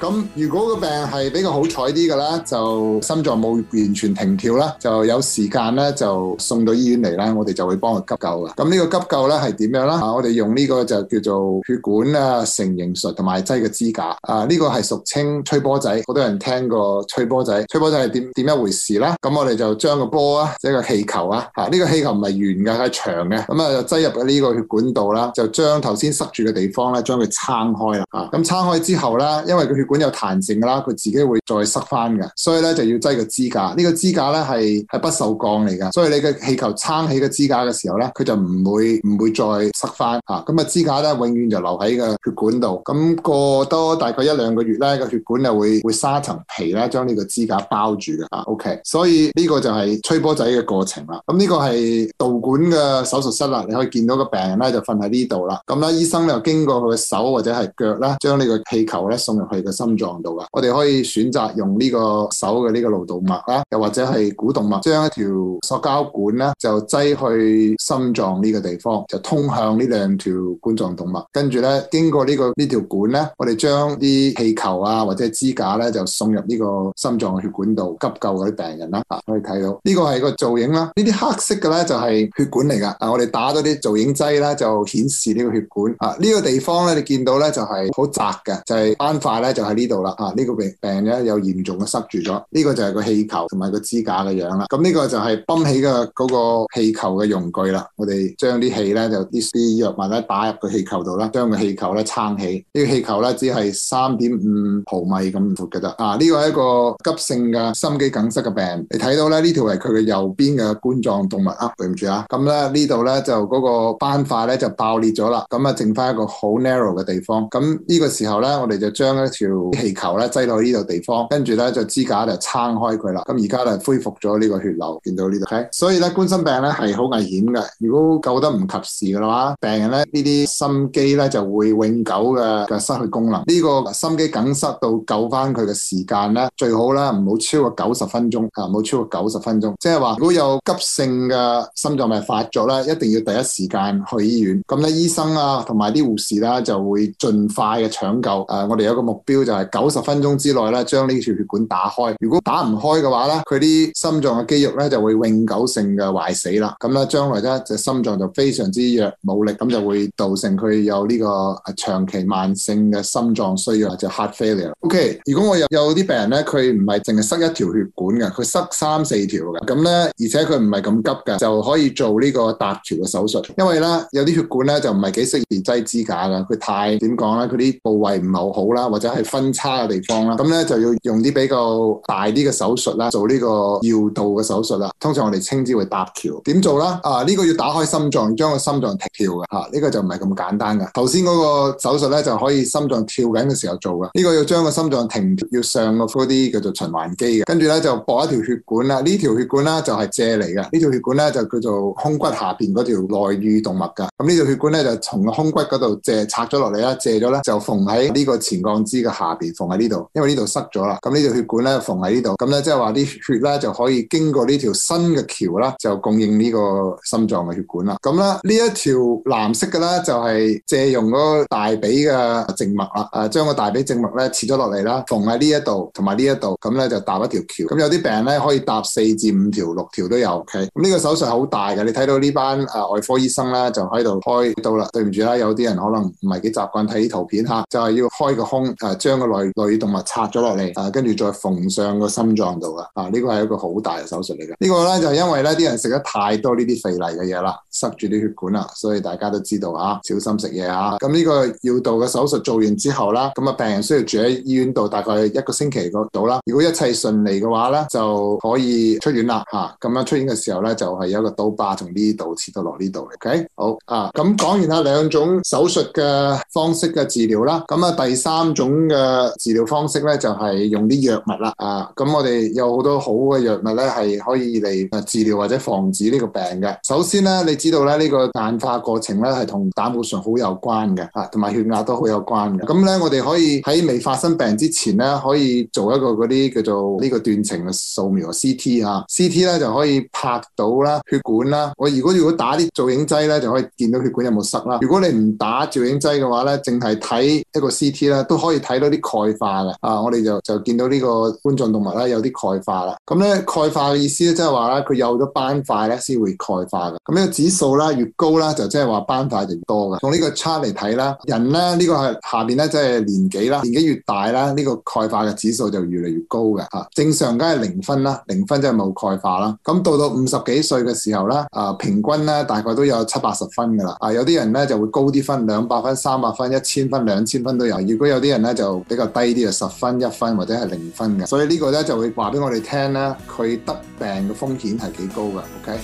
咁如果個病係比較好彩啲嘅啦，就心臟冇完全停跳啦，就有時間咧就送到醫院嚟啦，我哋就會幫佢急救嘅。咁呢個急救咧係點樣啦？我哋用呢個就叫做血管啊成形術同埋擠嘅支架啊，呢個係俗稱吹波仔，好多人聽過吹波仔。吹波仔係點點一回事啦？咁我哋就將個波啊，即係個氣球啊，嚇呢個氣球唔係圓嘅，係長嘅。咁啊擠入喺呢個血管度啦，就將頭先塞住嘅地方咧，將佢撐開啦。咁、啊、撐開之後啦，因為佢血管管有彈性噶啦，佢自己會再塞翻嘅，所以咧就要擠個支架。呢、呢個支架咧係係不鏽鋼嚟嘅，所以你嘅氣球撐起個支架嘅時候咧，佢就唔會唔會再塞翻吓。咁啊支架咧永遠就留喺個血管度。咁、嗯、過多大概一兩個月咧，個血管就會，會沙層皮啦，將呢個支架包住嘅。啊、o、OK、k 所以呢個就係吹波仔嘅過程啦。咁、嗯、呢、呢個係導管嘅手術室啦，你可以見到個病人咧就瞓喺呢度啦。咁、嗯、呢、嗯、醫生又經過佢嘅手或者係腳啦，將呢個氣球咧送入去嘅。心臟度噶，我哋可以選擇用呢個手嘅呢個橈動脈啦，又或者係股動脈，將一條塑膠管咧就擠去心臟呢個地方，就通向呢兩條冠狀動脈。跟住咧，經過、這個這個、呢個呢條管咧，我哋將啲氣球啊或者支架咧就送入呢個心臟血管度急救嗰啲病人啦、啊。可以睇到呢個係個造影啦，呢啲黑色嘅咧就係血管嚟㗎。啊，我哋打咗啲造影劑啦，就顯示呢個血管啊。呢個地方咧，你見到咧就係好窄嘅，就係、是、斑塊咧就係、是。喺呢度啦，啊，呢、這個病病咧有嚴重嘅塞住咗，呢、這個就係個氣球同埋個支架嘅樣啦。咁、啊、呢、這個就係泵起嘅嗰個氣球嘅用具啦。我哋將啲氣咧就啲藥物咧打入個氣球度啦，將氣呢撐、這個氣球咧撐起。呢個氣球咧只係三點五毫米咁闊嘅啫。啊，呢、這個是一個急性嘅心肌梗塞嘅病，你睇到咧呢這條係佢嘅右邊嘅冠狀動脈啊，對唔住啊。咁、啊、咧呢度咧就嗰、那個斑塊咧就爆裂咗啦，咁啊剩翻一個好 narrow 嘅地方。咁、啊、呢、這個時候咧，我哋就將一條。氣球咧擠落呢度地方，跟住咧就支架就撐開佢啦。咁而家就恢復咗呢個血流，見到呢度。OK? 所以咧冠心病咧係好危險嘅，如果救得唔及時嘅話，病人咧呢啲心肌咧就會永久嘅嘅失去功能。呢、這個心肌梗塞到救翻佢嘅時間咧，最好咧唔好超過九十分鐘啊，唔好超過九十分鐘。即係話如果有急性嘅心臟病發作咧，一定要第一時間去醫院。咁咧醫生啊同埋啲護士啦就會盡快嘅搶救。誒、啊，我哋有個目標。佢就係九十分鐘之內咧，將呢條血管打開。如果打唔開嘅話咧，佢啲心臟嘅肌肉咧就會永久性嘅壞死啦。咁咧將來咧隻心臟就非常之弱冇力，咁就會造成佢有呢個長期慢性嘅心臟衰弱，就 heart failure。OK，如果我有有啲病人咧，佢唔係淨係塞一條血管嘅，佢塞三四條嘅，咁咧而且佢唔係咁急嘅，就可以做呢個搭橋嘅手術。因為咧有啲血管咧就唔係幾適宜擠支架噶，佢太點講咧，佢啲部位唔係好好啦，或者係。分叉嘅地方啦，咁咧就要用啲比較大啲嘅手術啦，做呢個繞道嘅手術啦。通常我哋稱之為搭橋。點做啦？啊，呢、這個要打開心臟，將個心臟停跳嘅吓，呢、啊這個就唔係咁簡單噶。頭先嗰個手術咧就可以心臟跳緊嘅時候做㗎。呢、這個要將個心臟停，要上個嗰啲叫做循環機嘅。跟住咧就駁一條血管啦，呢條血管呢，就係、是、借嚟嘅。呢條血管咧就叫做胸骨下邊嗰條內乳動脈噶。咁呢條血管咧就從個胸骨嗰度借拆咗落嚟啦，借咗咧就縫喺呢個前降支嘅。下邊縫喺呢度，因為呢度塞咗啦，咁呢條血管咧縫喺呢度，咁咧即係話啲血咧就可以經過呢條新嘅橋啦，就供應呢個心臟嘅血管啦。咁啦，呢一條藍色嘅咧就係借用嗰個大髀嘅靜脈啦，誒，將個大髀靜脈咧切咗落嚟啦，縫喺呢一度同埋呢一度，咁咧就搭一條橋。咁有啲病人咧可以搭四至五條、六條都有。OK，咁呢個手術好大嘅，你睇到呢班誒外科醫生咧就喺度開刀啦。對唔住啦，有啲人可能唔係幾習慣睇圖片吓，就係、是、要開個胸。誒、呃、將。將將個內內動物拆咗落嚟，啊，跟住再縫上個心臟度啊，呢個係一個好大嘅手術嚟嘅。這個、呢個咧就係、是、因為咧啲人食得太多呢啲肥膩嘅嘢啦，塞住啲血管啦，所以大家都知道啊，小心食嘢啊。咁呢個要到嘅手術做完之後啦，咁啊病人需要住喺醫院度大概一個星期度到啦。如果一切順利嘅話咧，就可以出院啦。吓、啊，咁啊出院嘅時候咧就係、是、有個刀疤從呢度切到落呢度。OK，好啊。咁講完下兩種手術嘅方式嘅治療啦，咁啊第三種嘅。治療方式咧就係、是、用啲藥物啦，啊，咁我哋有好多好嘅藥物咧，係可以嚟治療或者防止呢個病嘅。首先咧，你知道咧呢、這個硬化過程咧係同膽固醇好有關嘅，同、啊、埋血壓都好有關嘅。咁咧，我哋可以喺未發生病之前咧，可以做一個嗰啲叫做呢個斷層嘅掃描 CT 啊，CT 咧、啊啊、就可以拍到啦血管啦。我如果如果打啲造影劑咧，就可以見到血管有冇塞啦。如果你唔打造影劑嘅話咧，淨係睇一個 CT 咧，都可以睇到。啲鈣化嘅啊，我哋就就見到呢個冠狀動脈咧有啲鈣化啦。咁咧鈣化嘅意思咧，即係話咧佢有咗斑塊咧先會鈣化嘅。咁、嗯、呢個指數啦，越高啦，就即係話斑塊就越多嘅。從呢個差嚟睇啦，人咧呢、這個係下邊咧，即、就、係、是、年紀啦，年紀越大啦，呢、這個鈣化嘅指數就越嚟越高嘅。吓、啊，正常梗係零分啦，零分即係冇鈣化啦。咁、嗯、到到五十幾歲嘅時候咧，啊平均咧大概都有七八十分噶啦。啊，有啲人咧就會高啲分，兩百分、三百分、一千分、兩千分，分都有。如果有啲人咧就比較低啲嘅，十分一分或者係零分嘅，所以呢個呢就會話俾我哋聽咧，佢得病嘅風險係幾高㗎，OK？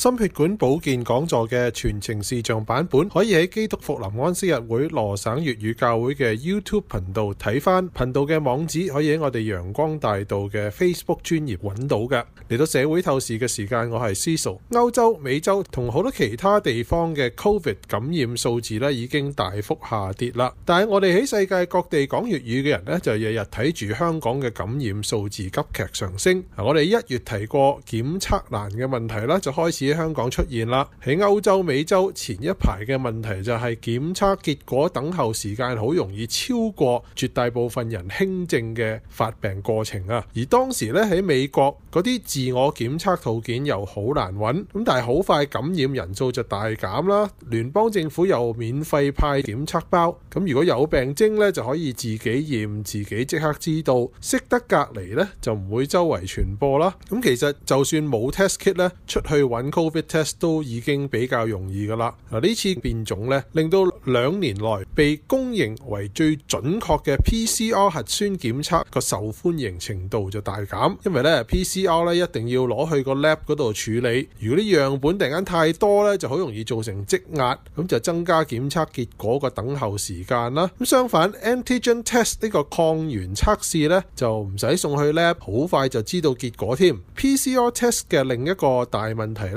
心血管保健講座嘅全程視像版本，可以喺基督福臨安息日會羅省粵語教會嘅 YouTube 頻道睇翻。頻道嘅網址可以喺我哋陽光大道嘅 Facebook 專頁揾到嘅。嚟到社會透視嘅時間，我係思素。歐洲、美洲同好多其他地方嘅 COVID 感染數字咧已經大幅下跌啦，但係我哋喺世界各地講粵語嘅人咧就日日睇住香港嘅感染數字急劇上升。嗱，我哋一月提過檢測難嘅問題啦，就開始。喺香港出現啦，喺歐洲、美洲前一排嘅問題就係檢測結果等候時間好容易超過絕大部分人輕症嘅發病過程啊。而當時咧喺美國嗰啲自我檢測套件又好難揾，咁但係好快感染人數就大減啦。聯邦政府又免費派檢測包，咁如果有病徵咧就可以自己驗，自己即刻知道，識得隔離咧就唔會周圍傳播啦。咁其實就算冇 test kit 咧，出去揾 COVID test 都已經比較容易㗎啦。嗱，呢次變種咧，令到兩年內被公認為最準確嘅 PCR 核酸檢測個受歡迎程度就大減，因為咧 PCR 咧一定要攞去個 lab 度處理。如果啲樣本突然間太多咧，就好容易造成積壓，咁就增加檢測結果個等候時間啦。咁相反，antigen test 呢個抗原測試咧就唔使送去 lab，好快就知道結果添。PCR test 嘅另一個大問題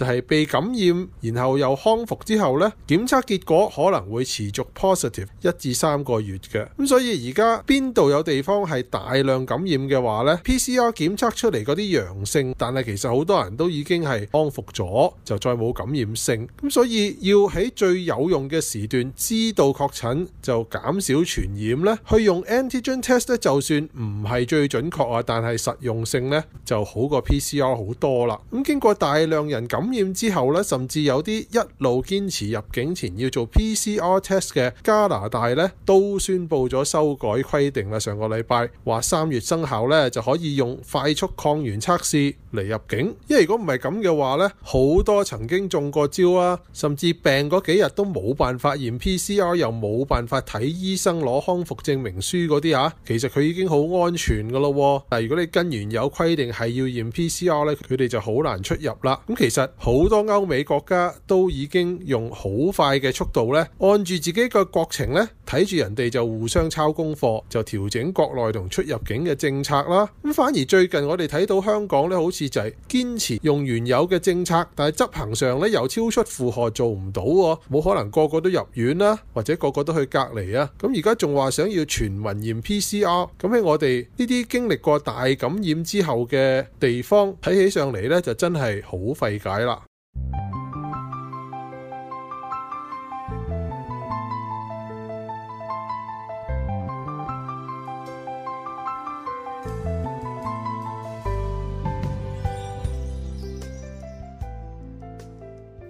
就係、是、被感染，然後又康復之後咧，檢測結果可能會持續 positive 一至三個月嘅。咁所以而家邊度有地方係大量感染嘅話咧，PCR 檢測出嚟嗰啲陽性，但係其實好多人都已經係康復咗，就再冇感染性。咁所以要喺最有用嘅時段知道確診，就減少傳染咧。去用 antigen test 咧，就算唔係最準確啊，但係實用性咧就好過 PCR 好多啦。咁經過大量人感染驗之後咧，甚至有啲一,一路堅持入境前要做 PCR test 嘅加拿大咧，都宣佈咗修改規定啦。上個禮拜話，三月生效咧，就可以用快速抗原測試嚟入境。因為如果唔係咁嘅話咧，好多曾經中過招啊，甚至病嗰幾日都冇辦法驗 PCR，又冇辦法睇醫生攞康復證明書嗰啲啊，其實佢已經好安全噶咯。但如果你跟原有規定係要驗 PCR 咧，佢哋就好難出入啦。咁其實。好多歐美國家都已經用好快嘅速度咧，按住自己嘅國情咧，睇住人哋就互相抄功課，就調整國內同出入境嘅政策啦。咁反而最近我哋睇到香港咧，好似就係堅持用原有嘅政策，但係執行上咧又超出負荷做，做唔到喎，冇可能個個都入院啦，或者個個都去隔離啊。咁而家仲話想要全民驗 PCR，咁喺我哋呢啲經歷過大感染之後嘅地方，睇起上嚟咧就真係好費解。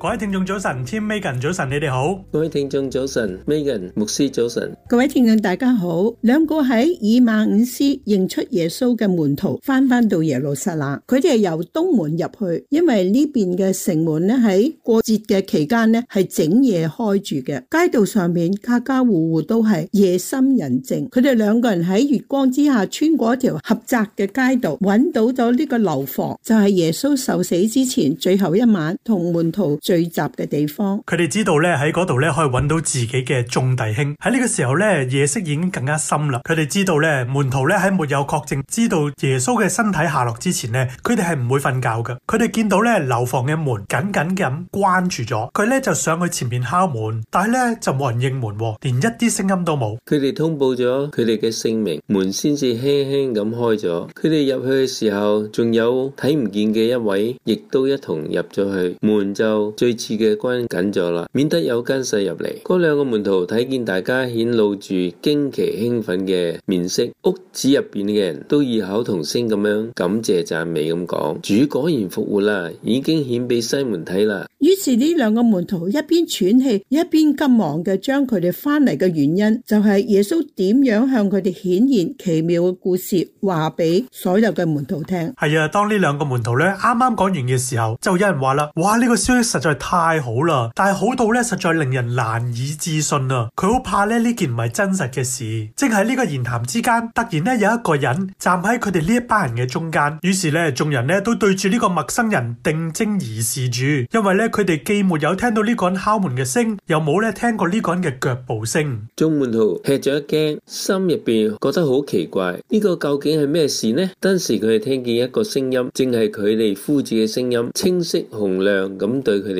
各位聽眾早晨，Tim Megan 早晨，你哋好。各位聽眾早晨，Megan 牧師早晨。各位聽眾大家好。兩個喺以馬忤斯認出耶穌嘅門徒，返返到耶路撒冷。佢哋係由東門入去，因為呢邊嘅城門咧喺過節嘅期間咧係整夜開住嘅。街道上面家家戶戶都係夜深人靜。佢哋兩個人喺月光之下穿過一條狹窄嘅街道，揾到咗呢個樓房，就係、是、耶穌受死之前最後一晚同門徒。聚集嘅地方，佢哋知道咧喺嗰度咧可以揾到自己嘅眾弟兄。喺呢個時候咧，夜色已經更加深啦。佢哋知道咧，門徒咧喺沒有確認知道耶穌嘅身體下落之前咧，佢哋係唔會瞓覺嘅。佢哋見到咧，樓房嘅門緊緊咁關住咗。佢咧就上去前面敲門，但係咧就冇人應門，連一啲聲音都冇。佢哋通報咗佢哋嘅姓名，門先至輕輕咁開咗。佢哋入去嘅時候，仲有睇唔見嘅一位，亦都一同入咗去。門就。最次嘅關緊咗啦，免得有奸細入嚟。嗰兩個門徒睇見大家顯露住驚奇興奮嘅面色，屋子入邊嘅人都異口同聲咁樣感謝讚美咁講：主果然復活啦，已經顯俾西門睇啦。於是呢兩個門徒一邊喘氣，一邊急忙嘅將佢哋翻嚟嘅原因，就係耶穌點樣向佢哋顯現奇妙嘅故事，話俾所有嘅門徒聽。係啊，當呢兩個門徒咧啱啱講完嘅時候，就有人話啦：哇！呢個消息實在～太好啦，但係好到咧，實在令人難以置信啊！佢好怕咧呢件唔係真實嘅事。正喺呢個言談之間，突然咧有一個人站喺佢哋呢一班人嘅中間，於是咧眾人咧都對住呢個陌生人定睛而視住，因為咧佢哋既沒有聽到呢個人敲門嘅聲，又冇咧聽過呢個人嘅腳步聲。眾門徒吃咗一驚，心入邊覺得好奇怪，呢個究竟係咩事呢？當時佢哋聽見一個聲音，正係佢哋夫子嘅聲音，清晰洪亮咁對佢哋。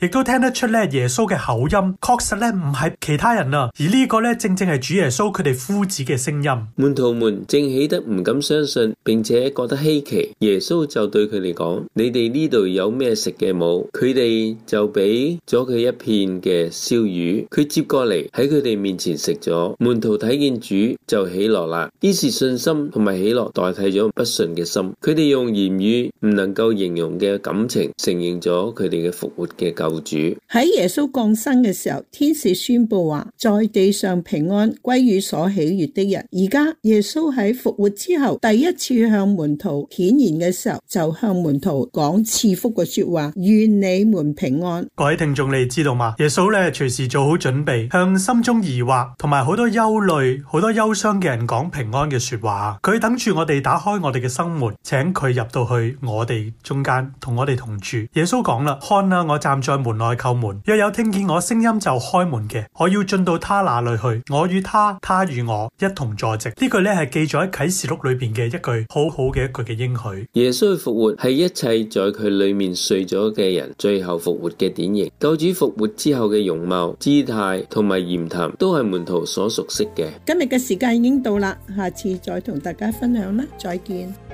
亦都聽得出咧，耶穌嘅口音，確實咧唔係其他人啊，而呢個咧正正係主耶穌佢哋夫子嘅聲音。門徒們正起得唔敢相信，並且覺得稀奇。耶穌就對佢哋講：你哋呢度有咩食嘅冇？佢哋就俾咗佢一片嘅燒魚，佢接過嚟喺佢哋面前食咗。門徒睇見主就喜樂啦，於是信心同埋喜樂代替咗不信嘅心。佢哋用言語唔能夠形容嘅感情，承認咗佢哋嘅復活嘅救主喺耶穌降生嘅時候，天使宣布話：在地上平安歸於所喜悦的人。而家耶穌喺復活之後第一次向門徒顯現嘅時候，就向門徒講賜福嘅說話：願你們平安。各位聽眾，你知道嗎？耶穌咧，隨時做好準備，向心中疑惑同埋好多憂慮、好多憂傷嘅人講平安嘅說話。佢等住我哋打開我哋嘅心門，請佢入到去我哋中間，同我哋同住。耶穌講啦：看啦，啊，我站，在門內叩門，若有聽見我聲音就開門嘅，我要進到他那裏去，我與他，他與我一同坐席。這句呢句咧係記載喺啟示錄裏邊嘅一句好好嘅一句嘅應許。耶穌的復活係一切在佢裏面睡咗嘅人最後復活嘅典型。救主復活之後嘅容貌、姿態同埋言談都係門徒所熟悉嘅。今日嘅時間已經到啦，下次再同大家分享啦，再見。